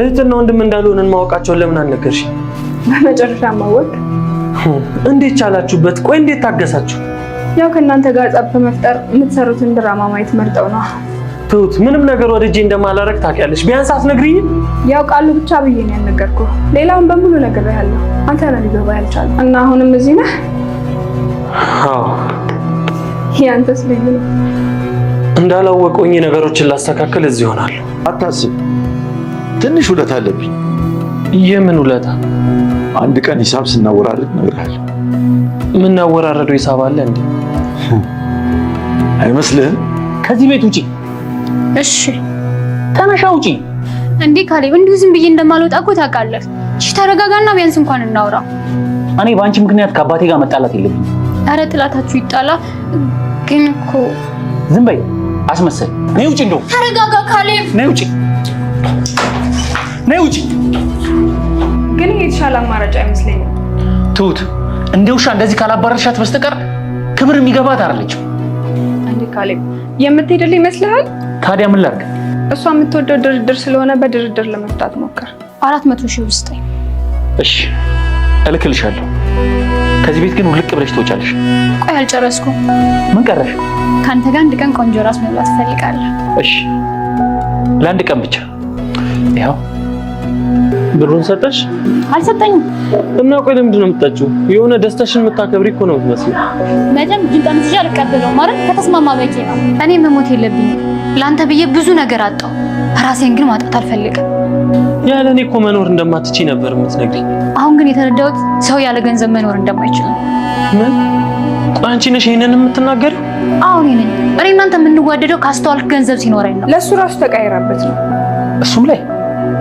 እህትና ወንድም እንዳልሆንን ማወቃቸውን ለምን አልነገርሽ? በመጨረሻ ማወቅ እንዴት ቻላችሁበት? ቆይ እንዴት ታገሳችሁ? ያው ከእናንተ ጋር ጸብ በመፍጠር የምትሰሩትን ድራማ ማየት መርጠው ነው። ትሁት፣ ምንም ነገር ወደ እጄ እንደማላረግ ታውቂያለሽ። ቢያንስ ያው ቃሉ ብቻ ብዬ ነው ያልነገርኩህ። ሌላውን በሙሉ ነግሬሃለሁ። አንተ ነው ሊገባ ያልቻለ እና አሁንም እዚህ ነህ። አዎ፣ ያንተስ ልዩ ነው። እንዳላወቁኝ ነገሮችን ላስተካከል እዚህ እሆናለሁ። አታስብ ትንሽ ውለታ አለብኝ። የምን ውለታ? አንድ ቀን ሂሳብ ስናወራርድ እነግርሃለሁ። የምናወራረደው ሂሳብ አለ እንዴ? አይመስልህም? ከዚህ ቤት ውጪ! እሺ ተነሻ፣ ውጪ! እንዴ ካሌብ፣ እንዲሁ ዝም ብዬ እንደማልወጣ እኮ ታውቃለህ። እሺ ተረጋጋና ቢያንስ እንኳን እናውራ። እኔ በአንቺ ምክንያት ከአባቴ ጋር መጣላት የለብኝ አረ ጥላታችሁ ይጣላ፣ ግን እኮ ዝም በይ አስመሰል። ነይ ውጪ! እንደው ተረጋጋ ካሌብ፣ ነይ ውጪ! ነይ ውጪ። ግን የተሻለ አማራጭ አይመስለኝም። ትሁት እንደ ውሻ እንደዚህ ካላባረርሻት በስተቀር ክብር የሚገባት አይደለችም። እንዴ ካሌብ የምትሄድልህ ይመስልሃል? ታዲያ ምን ላድርግ? እሷ የምትወደው ድርድር ስለሆነ በድርድር ለመፍታት ሞክር። አራት መቶ ሺህ ውስጥ እሺ፣ እልክልሻለሁ። ከዚህ ቤት ግን ውልቅ ብለሽ ትወጫለሽ። ቆይ አልጨረስኩም። ምን ቀረሽ? ከአንተ ጋር አንድ ቀን ቆንጆ ራስ መብላት እፈልጋለሁ። እሺ፣ ለአንድ ቀን ብቻ ያው ብሩን ሰጠሽ? አልሰጠኝም። እና ቆይ ለምንድን ነው የምትጠጪው? የሆነ ደስተሽን የምታከብሪ እኮ ነው የምትመስለው። መቼም ግን ስጅ አልቀበለውም ማለት ከተስማማ በቂ ነው። እኔ መሞት የለብኝም። ላንተ ብዬ ብዙ ነገር አጣው፣ ራሴን ግን ማጣት አልፈልግም። ያለ እኔ እኮ መኖር እንደማትቺ ነበር የምትነግሪኝ። አሁን ግን የተረዳሁት ሰው ያለ ገንዘብ መኖር እንደማይችል። ምን? ቆይ አንቺ ነሽ ይሄንን የምትናገሪው? አዎ እኔ ነኝ። እኔ እናንተ የምንዋደደው ካስተዋልክ ገንዘብ ሲኖረኝ ነው። ለእሱ ራሱ ተቃይራበት ነው እሱም ላይ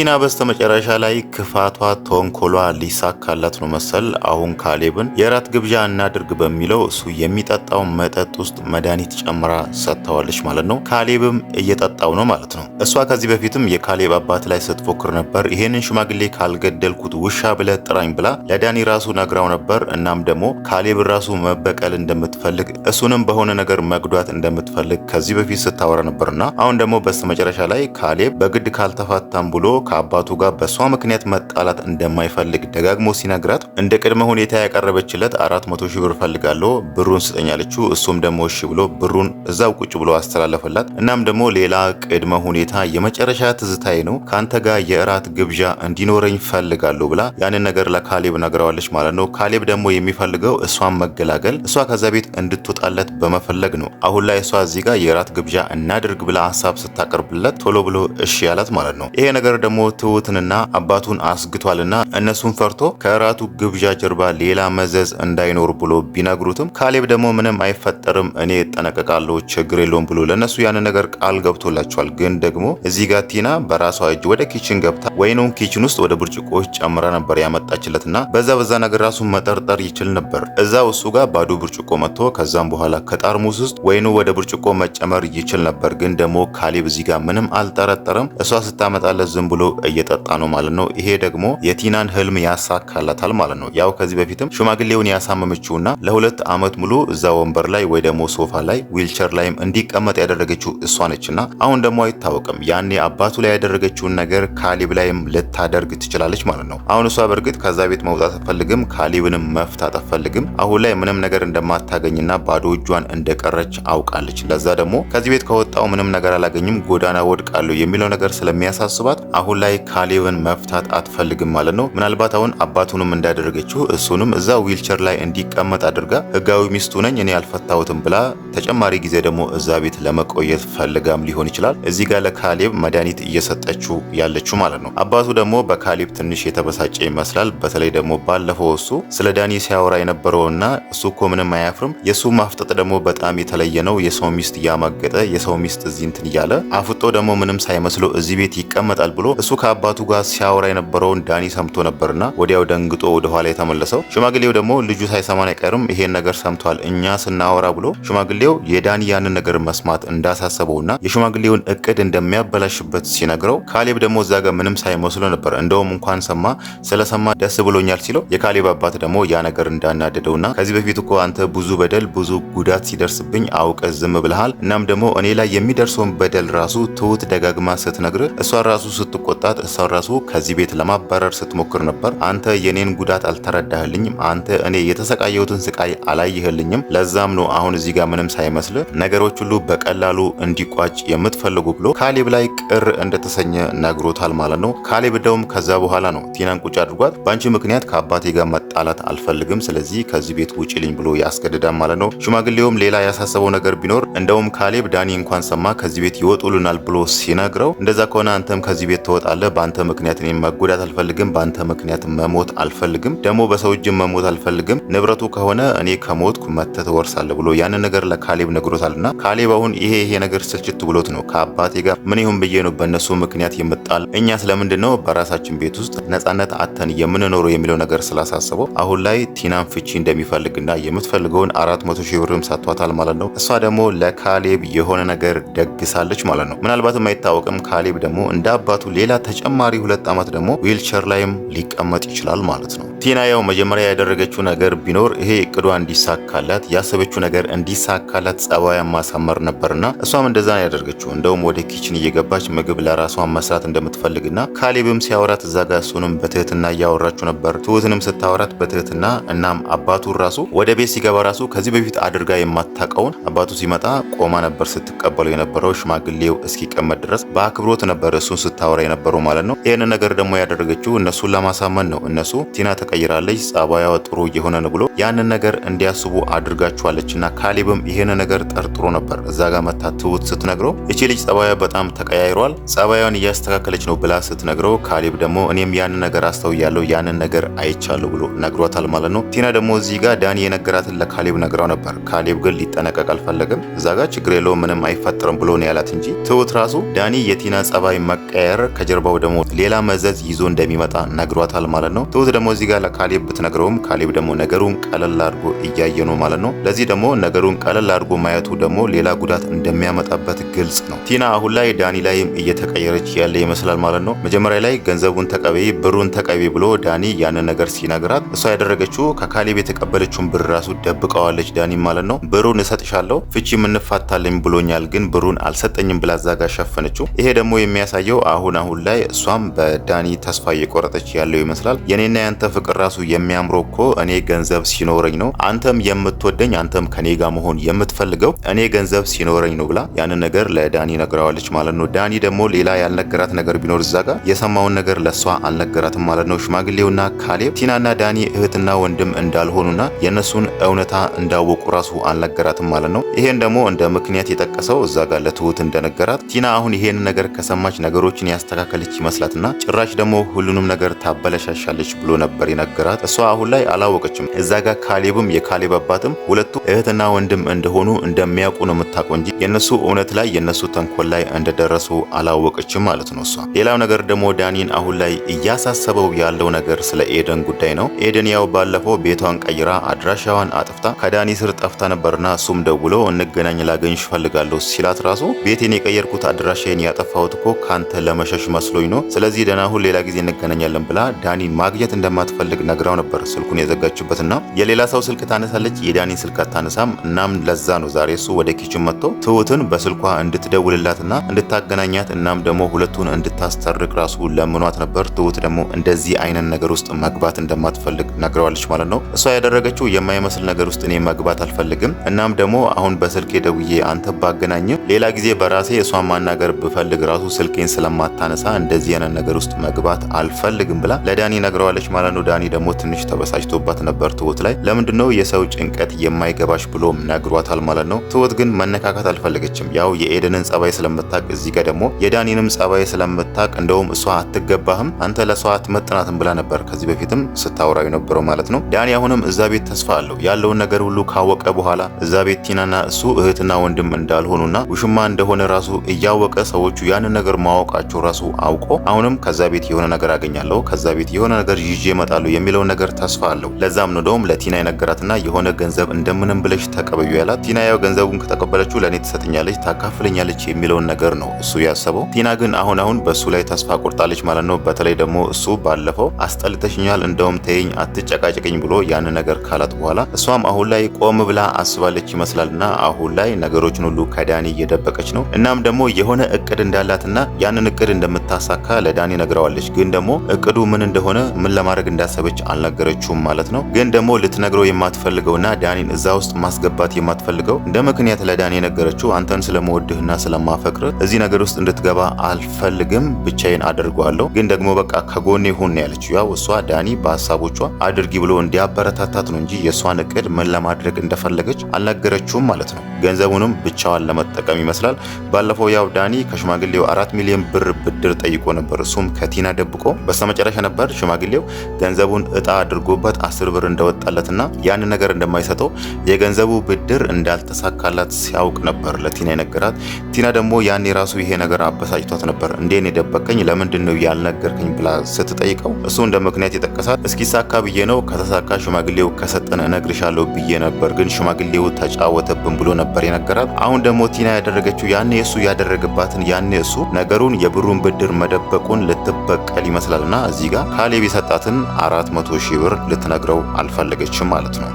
ቲና በስተመጨረሻ ላይ ክፋቷ ተንኮሏ ሊሳካላት ነው መሰል አሁን ካሌብን የራት ግብዣ እናድርግ በሚለው እሱ የሚጠጣው መጠጥ ውስጥ መድኃኒት ጨምራ ሰጥተዋለች ማለት ነው። ካሌብም እየጠጣው ነው ማለት ነው። እሷ ከዚህ በፊትም የካሌብ አባት ላይ ስትፎክር ነበር። ይሄንን ሽማግሌ ካልገደልኩት ውሻ ብለህ ጥራኝ ብላ ለዳኒ ራሱ ነግራው ነበር። እናም ደግሞ ካሌብ ራሱ መበቀል እንደምትፈልግ እሱንም በሆነ ነገር መጉዳት እንደምትፈልግ ከዚህ በፊት ስታወራ ነበርና አሁን ደግሞ በስተመጨረሻ ላይ ካሌብ በግድ ካልተፋታም ብሎ ከአባቱ ጋር በእሷ ምክንያት መጣላት እንደማይፈልግ ደጋግሞ ሲነግራት እንደ ቅድመ ሁኔታ ያቀረበችለት አራት መቶ ሺህ ብር ፈልጋለሁ ብሩን ስጠኝ አለችው። እሱም ደግሞ እሺ ብሎ ብሩን እዛው ቁጭ ብሎ አስተላለፈላት። እናም ደግሞ ሌላ ቅድመ ሁኔታ የመጨረሻ ትዝታዬ ነው ከአንተ ጋር የእራት ግብዣ እንዲኖረኝ ፈልጋለሁ ብላ ያንን ነገር ለካሌብ ነግረዋለች ማለት ነው። ካሌብ ደግሞ የሚፈልገው እሷን መገላገል፣ እሷ ከዛ ቤት እንድትወጣለት በመፈለግ ነው። አሁን ላይ እሷ እዚህ ጋር የእራት ግብዣ እናድርግ ብላ ሀሳብ ስታቀርብለት ቶሎ ብሎ እሺ ያላት ማለት ነው። ይሄ ነገር ደግሞ ደግሞ ትሁትንና አባቱን አስግቷልና እነሱን ፈርቶ ከእራቱ ግብዣ ጀርባ ሌላ መዘዝ እንዳይኖር ብሎ ቢነግሩትም ካሌብ ደግሞ ምንም አይፈጠርም እኔ እጠነቀቃለሁ ችግር የለውም ብሎ ለእነሱ ያንን ነገር ቃል ገብቶላቸዋል። ግን ደግሞ እዚህ ጋር ቲና በራሷ እጅ ወደ ኪችን ገብታ ወይኑን ኪችን ውስጥ ወደ ብርጭቆች ጨምራ ነበር ያመጣችለትና በዛ በዛ ነገር ራሱ መጠርጠር ይችል ነበር። እዛ እሱ ጋር ባዶ ብርጭቆ መጥቶ ከዛም በኋላ ከጠርሙስ ውስጥ ወይኑ ወደ ብርጭቆ መጨመር ይችል ነበር። ግን ደግሞ ካሌብ እዚህ ጋር ምንም አልጠረጠረም። እሷ ስታመጣለት ዝም ብሎ ብሎ እየጠጣ ነው ማለት ነው። ይሄ ደግሞ የቲናን ህልም ያሳካላታል ማለት ነው። ያው ከዚህ በፊትም ሽማግሌውን ያሳመመችውና ለሁለት አመት ሙሉ እዛ ወንበር ላይ ወይ ደግሞ ሶፋ ላይ ዊልቸር ላይም እንዲቀመጥ ያደረገችው እሷ ነችና አሁን ደግሞ አይታወቅም። ያኔ አባቱ ላይ ያደረገችውን ነገር ካሊብ ላይም ልታደርግ ትችላለች ማለት ነው። አሁን እሷ በእርግጥ ከዛ ቤት መውጣት አትፈልግም፣ ካሊብንም መፍታት አትፈልግም። አሁን ላይ ምንም ነገር እንደማታገኝና ባዶ እጇን እንደቀረች አውቃለች። ለዛ ደግሞ ከዚህ ቤት ከወጣው ምንም ነገር አላገኝም፣ ጎዳና ወድቃለሁ የሚለው ነገር ስለሚያሳስባት አሁን አሁን ላይ ካሌብን መፍታት አትፈልግም ማለት ነው። ምናልባት አሁን አባቱንም እንዳደረገችው እሱንም እዛ ዊልቸር ላይ እንዲቀመጥ አድርጋ ህጋዊ ሚስቱ ነኝ እኔ ያልፈታሁትም ብላ ተጨማሪ ጊዜ ደግሞ እዛ ቤት ለመቆየት ፈልጋም ሊሆን ይችላል። እዚህ ጋር ለካሌብ መድኃኒት እየሰጠችው ያለችው ማለት ነው። አባቱ ደግሞ በካሌብ ትንሽ የተበሳጨ ይመስላል። በተለይ ደግሞ ባለፈው እሱ ስለ ዳኒ ሲያወራ የነበረውና እሱ እኮ ምንም አያፍርም የእሱ ማፍጠጥ ደግሞ በጣም የተለየ ነው። የሰው ሚስት እያማገጠ የሰው ሚስት እዚህ እንትን እያለ አፍጦ ደግሞ ምንም ሳይመስለው እዚህ ቤት ይቀመጣል ብሎ እሱ ከአባቱ ጋር ሲያወራ የነበረውን ዳኒ ሰምቶ ነበርና ወዲያው ደንግጦ ወደኋላ የተመለሰው። ሽማግሌው ደግሞ ልጁ ሳይሰማን አይቀርም ይሄን ነገር ሰምቷል እኛ ስናወራ ብሎ ሽማግሌው የዳኒ ያንን ነገር መስማት እንዳሳሰበውና የሽማግሌውን እቅድ እንደሚያበላሽበት ሲነግረው ካሌብ ደግሞ እዛ ጋር ምንም ሳይመስሎ ነበር። እንደውም እንኳን ሰማ ስለሰማ ደስ ብሎኛል ሲለው የካሌብ አባት ደግሞ ያ ነገር እንዳናደደውና ከዚህ በፊት እኮ አንተ ብዙ በደል ብዙ ጉዳት ሲደርስብኝ አውቀ ዝም ብልሃል። እናም ደግሞ እኔ ላይ የሚደርሰውን በደል ራሱ ትሁት ደጋግማ ስትነግር እሷ ራሱ ስትኮ በመቆጣት እሷን ራሱ ከዚህ ቤት ለማባረር ስትሞክር ነበር። አንተ የኔን ጉዳት አልተረዳህልኝም፣ አንተ እኔ የተሰቃየሁትን ስቃይ አላየህልኝም። ለዛም ነው አሁን እዚህ ጋር ምንም ሳይመስል ነገሮች ሁሉ በቀላሉ እንዲቋጭ የምትፈልጉ ብሎ ካሌብ ላይ ቅር እንደተሰኘ ነግሮታል ማለት ነው። ካሌብ ደውም ከዛ በኋላ ነው ቲናን ቁጭ አድርጓት በአንቺ ምክንያት ከአባቴ ጋር መጣላት አልፈልግም፣ ስለዚህ ከዚህ ቤት ውጭ ልኝ ብሎ ያስገድዳል ማለት ነው። ሽማግሌውም ሌላ ያሳሰበው ነገር ቢኖር እንደውም ካሌብ ዳኒ እንኳን ሰማ ከዚህ ቤት ይወጡልናል ብሎ ሲነግረው እንደዛ ከሆነ አንተም ከዚህ ቤት ተወ ትወጣለህ። በአንተ ምክንያት እኔም መጎዳት አልፈልግም። በአንተ ምክንያት መሞት አልፈልግም። ደግሞ በሰው እጅ መሞት አልፈልግም። ንብረቱ ከሆነ እኔ ከሞትኩ መተህ ትወርሳለህ ብሎ ያንን ነገር ለካሌብ ነግሮታል። ካሌብ አሁን ይሄ ይሄ ነገር ስልችት ብሎት ነው ከአባቴ ጋር ምን ይሁን ብዬ ነው በእነሱ ምክንያት የምጣል እኛ ስለምንድን ነው በራሳችን ቤት ውስጥ ነጻነት አተን የምንኖረው የሚለው ነገር ስላሳስበው አሁን ላይ ቲናን ፍቺ እንደሚፈልግና የምትፈልገውን አራት መቶ ሺህ ብርም ሰጥቷታል ማለት ነው። እሷ ደግሞ ለካሌብ የሆነ ነገር ደግሳለች ማለት ነው። ምናልባትም አይታወቅም። ካሌብ ደግሞ እንደ አባቱ ሌላ ተጨማሪ ሁለት ዓመት ደግሞ ዊልቸር ላይም ሊቀመጥ ይችላል ማለት ነው። ቲና ያው መጀመሪያ ያደረገችው ነገር ቢኖር ይሄ እቅዷ እንዲሳካላት ያሰበችው ነገር እንዲሳካላት ጸባያን ማሳመር ነበርና እሷም እንደዛ ነው ያደረገችው። እንደውም ወደ ኪችን እየገባች ምግብ ለራሷን መስራት እንደምትፈልግና ካሌብም ሲያወራት እዛ ጋር እሱንም በትህትና እያወራችው ነበር። ትሁትንም ስታወራት በትህትና እናም አባቱ ራሱ ወደ ቤት ሲገባ ራሱ ከዚህ በፊት አድርጋ የማታቀውን አባቱ ሲመጣ ቆማ ነበር ስትቀበለው የነበረው ሽማግሌው እስኪቀመጥ ድረስ በአክብሮት ነበር እሱን ስታወራ ነበሩ ማለት ነው። ይህንን ነገር ደግሞ ያደረገችው እነሱን ለማሳመን ነው። እነሱ ቲና ተቀይራለች፣ ጸባያዋ ጥሩ እየሆነ ነው ብሎ ያንን ነገር እንዲያስቡ አድርጋችኋለች እና ካሌብም ይህን ነገር ጠርጥሮ ነበር። እዛ ጋር መታ ትሁት ስትነግረው እቺ ልጅ ጸባያ በጣም ተቀያይሯል፣ ጸባያን እያስተካከለች ነው ብላ ስትነግረው ካሌብ ደግሞ እኔም ያንን ነገር አስተውያለሁ፣ ያንን ነገር አይቻለሁ ብሎ ነግሯታል ማለት ነው። ቲና ደግሞ እዚህ ጋር ዳኒ የነገራትን ለካሌብ ነግራው ነበር። ካሌብ ግን ሊጠነቀቅ አልፈለግም። እዛ ጋር ችግር የለው ምንም አይፈጠርም ብሎ ነው ያላት እንጂ ትሁት ራሱ ዳኒ የቲና ጸባይ መቀየር ከጀርባው ደግሞ ሌላ መዘዝ ይዞ እንደሚመጣ ነግሯታል ማለት ነው። ትሁት ደግሞ እዚህ ጋር ለካሌብ ብትነግረውም ካሌብ ደግሞ ነገሩን ቀለል አድርጎ እያየ ነው ማለት ነው። ለዚህ ደግሞ ነገሩን ቀለል አድርጎ ማየቱ ደግሞ ሌላ ጉዳት እንደሚያመጣበት ግልጽ ነው። ቲና አሁን ላይ ዳኒ ላይም እየተቀየረች ያለ ይመስላል ማለት ነው። መጀመሪያ ላይ ገንዘቡን ተቀበይ፣ ብሩን ተቀበይ ብሎ ዳኒ ያንን ነገር ሲነግራት እሷ ያደረገችው ከካሌብ የተቀበለችውን ብር ራሱ ደብቀዋለች ዳኒ ማለት ነው። ብሩን እሰጥሻለሁ ፍቺ እንፋታለኝ ብሎኛል፣ ግን ብሩን አልሰጠኝም ብላ ዛጋ ሸፈነችው። ይሄ ደግሞ የሚያሳየው አሁን አሁን አሁን ላይ እሷም በዳኒ ተስፋ እየቆረጠች ያለው ይመስላል። የኔና ያንተ ፍቅር ራሱ የሚያምሮ እኮ እኔ ገንዘብ ሲኖረኝ ነው፣ አንተም የምትወደኝ፣ አንተም ከኔ ጋር መሆን የምትፈልገው እኔ ገንዘብ ሲኖረኝ ነው ብላ ያንን ነገር ለዳኒ ነግረዋለች ማለት ነው። ዳኒ ደግሞ ሌላ ያልነገራት ነገር ቢኖር እዛ ጋር የሰማውን ነገር ለእሷ አልነገራትም ማለት ነው። ሽማግሌውና ካሌብ ቲናና ዳኒ እህትና ወንድም እንዳልሆኑና የእነሱን እውነታ እንዳወቁ ራሱ አልነገራትም ማለት ነው። ይሄን ደግሞ እንደ ምክንያት የጠቀሰው እዛ ጋር ለትሁት እንደነገራት ቲና አሁን ይሄን ነገር ከሰማች ነገሮችን ያስተ ያስተካከለች ይመስላትና ጭራሽ ደግሞ ሁሉንም ነገር ታበለሻሻለች ብሎ ነበር የነገራት። እሷ አሁን ላይ አላወቀችም። እዛ ጋር ካሌብም የካሌብ አባትም ሁለቱ እህትና ወንድም እንደሆኑ እንደሚያውቁ ነው የምታውቀው እንጂ የእነሱ እውነት ላይ የእነሱ ተንኮል ላይ እንደደረሱ አላወቀችም ማለት ነው እሷ። ሌላው ነገር ደግሞ ዳኒን አሁን ላይ እያሳሰበው ያለው ነገር ስለ ኤደን ጉዳይ ነው። ኤደን ያው ባለፈው ቤቷን ቀይራ አድራሻዋን አጥፍታ ከዳኒ ስር ጠፍታ ነበርና እሱም ደውሎ እንገናኝ ላገኝሽ ፈልጋለሁ ሲላት ራሱ ቤቴን የቀየርኩት አድራሻዬን ያጠፋሁት እኮ ካንተ ለመሸሽ መስሎኝ ነው። ስለዚህ ደህና ሁን፣ ሌላ ጊዜ እንገናኛለን ብላ ዳኒን ማግኘት እንደማትፈልግ ነግራው ነበር ስልኩን የዘጋችበትና የሌላ ሰው ስልክ ታነሳለች፣ የዳኒን ስልክ አታነሳም። እናም ለዛ ነው ዛሬ እሱ ወደ ኪችን መጥቶ ትሁትን በስልኳ እንድትደውልላትና እንድታገናኛት እናም ደግሞ ሁለቱን እንድታስታርቅ ራሱ ለምኗት ነበር። ትሁት ደግሞ እንደዚህ አይነት ነገር ውስጥ መግባት እንደማትፈልግ ነግረዋለች ማለት ነው። እሷ ያደረገችው የማይመስል ነገር ውስጥ እኔ መግባት አልፈልግም። እናም ደግሞ አሁን በስልኬ ደውዬ አንተ ባገናኝ ሌላ ጊዜ በራሴ እሷን ማናገር ብፈልግ ራሱ ስልኬን ስለማታነሳ ተነሳ እንደዚህ አይነት ነገር ውስጥ መግባት አልፈልግም ብላ ለዳኒ ነግረዋለች ማለት ነው። ዳኒ ደግሞ ትንሽ ተበሳጭቶባት ነበር ትሁት ላይ ለምንድነው የሰው ጭንቀት የማይገባሽ ብሎም ነግሯታል ማለት ነው። ትሁት ግን መነካካት አልፈለገችም። ያው የኤደንን ጸባይ ስለምታቅ እዚህ ጋር ደግሞ የዳኒንም ጸባይ ስለምታቅ እንደውም እሷ አትገባህም አንተ ለሷ አትመጥናትም ብላ ነበር ከዚህ በፊትም ስታወራ የነበረው ማለት ነው። ዳኒ አሁንም እዛ ቤት ተስፋ አለው ያለውን ነገር ሁሉ ካወቀ በኋላ እዛ ቤት ቲናና እሱ እህትና ወንድም እንዳልሆኑና ውሽማ እንደሆነ ራሱ እያወቀ ሰዎቹ ያንን ነገር ማወቃቸው ራሱ አውቆ አሁንም ከዛ ቤት የሆነ ነገር አገኛለሁ፣ ከዛ ቤት የሆነ ነገር ይዤ እመጣለሁ የሚለው ነገር ተስፋ አለው። ለዛም ነው ደውም ለቲና የነገራትና የሆነ ገንዘብ እንደምንም ብለሽ ተቀበዩ ያላት። ቲና ያው ገንዘቡን ከተቀበለችው ለእኔ ትሰጥኛለች፣ ታካፍለኛለች የሚለውን ነገር ነው እሱ ያሰበው። ቲና ግን አሁን አሁን በእሱ ላይ ተስፋ ቆርጣለች ማለት ነው። በተለይ ደግሞ እሱ ባለፈው አስጠልተሽኛል፣ እንደውም ተይኝ፣ አትጨቃጭቅኝ ብሎ ያን ነገር ካላት በኋላ እሷም አሁን ላይ ቆም ብላ አስባለች ይመስላልና አሁን ላይ ነገሮችን ሁሉ ከዳኒ እየደበቀች ነው። እናም ደግሞ የሆነ እቅድ እንዳላትና ያንን እቅድ እንደም እንደምታሳካ ለዳኒ ነግረዋለች። ግን ደግሞ እቅዱ ምን እንደሆነ ምን ለማድረግ እንዳሰበች አልነገረችውም ማለት ነው። ግን ደግሞ ልትነግረው የማትፈልገውና ዳኒን እዛ ውስጥ ማስገባት የማትፈልገው እንደ ምክንያት ለዳኒ የነገረችው አንተን ስለመወድህና ስለማፈቅር እዚህ ነገር ውስጥ እንድትገባ አልፈልግም፣ ብቻዬን አድርጓለሁ ግን ደግሞ በቃ ከጎኔ ሁን ያለችው ያው እሷ ዳኒ በሀሳቦቿ አድርጊ ብሎ እንዲያበረታታት ነው እንጂ የእሷን እቅድ ምን ለማድረግ እንደፈለገች አልነገረችውም ማለት ነው። ገንዘቡንም ብቻዋን ለመጠቀም ይመስላል። ባለፈው ያው ዳኒ ከሽማግሌው አራት ሚሊዮን ብር ብድር ብድር ጠይቆ ነበር። እሱም ከቲና ደብቆ በስተመጨረሻ ነበር ሽማግሌው ገንዘቡን እጣ አድርጎበት አስር ብር እንደወጣለትና ያን ነገር እንደማይሰጠው የገንዘቡ ብድር እንዳልተሳካላት ሲያውቅ ነበር ለቲና የነገራት። ቲና ደግሞ ያን የራሱ ይሄ ነገር አበሳጭቷት ነበር። እንዴን የደበቀኝ ለምንድን ነው ያልነገርከኝ ብላ ስትጠይቀው እሱ እንደ ምክንያት የጠቀሳት እስኪሳካ ብዬ ነው፣ ከተሳካ ሽማግሌው ከሰጠን እነግርሻለሁ ብዬ ነበር፣ ግን ሽማግሌው ተጫወተብን ብሎ ነበር የነገራት። አሁን ደግሞ ቲና ያደረገችው ያኔ እሱ ያደረገባትን ያኔ እሱ ነገሩን የብሩን ብድር ብድር መደበቁን ልትበቀል ይመስላልና እዚህ ጋር ካሌብ የሰጣትን አራት መቶ ሺህ ብር ልትነግረው አልፈለገችም ማለት ነው።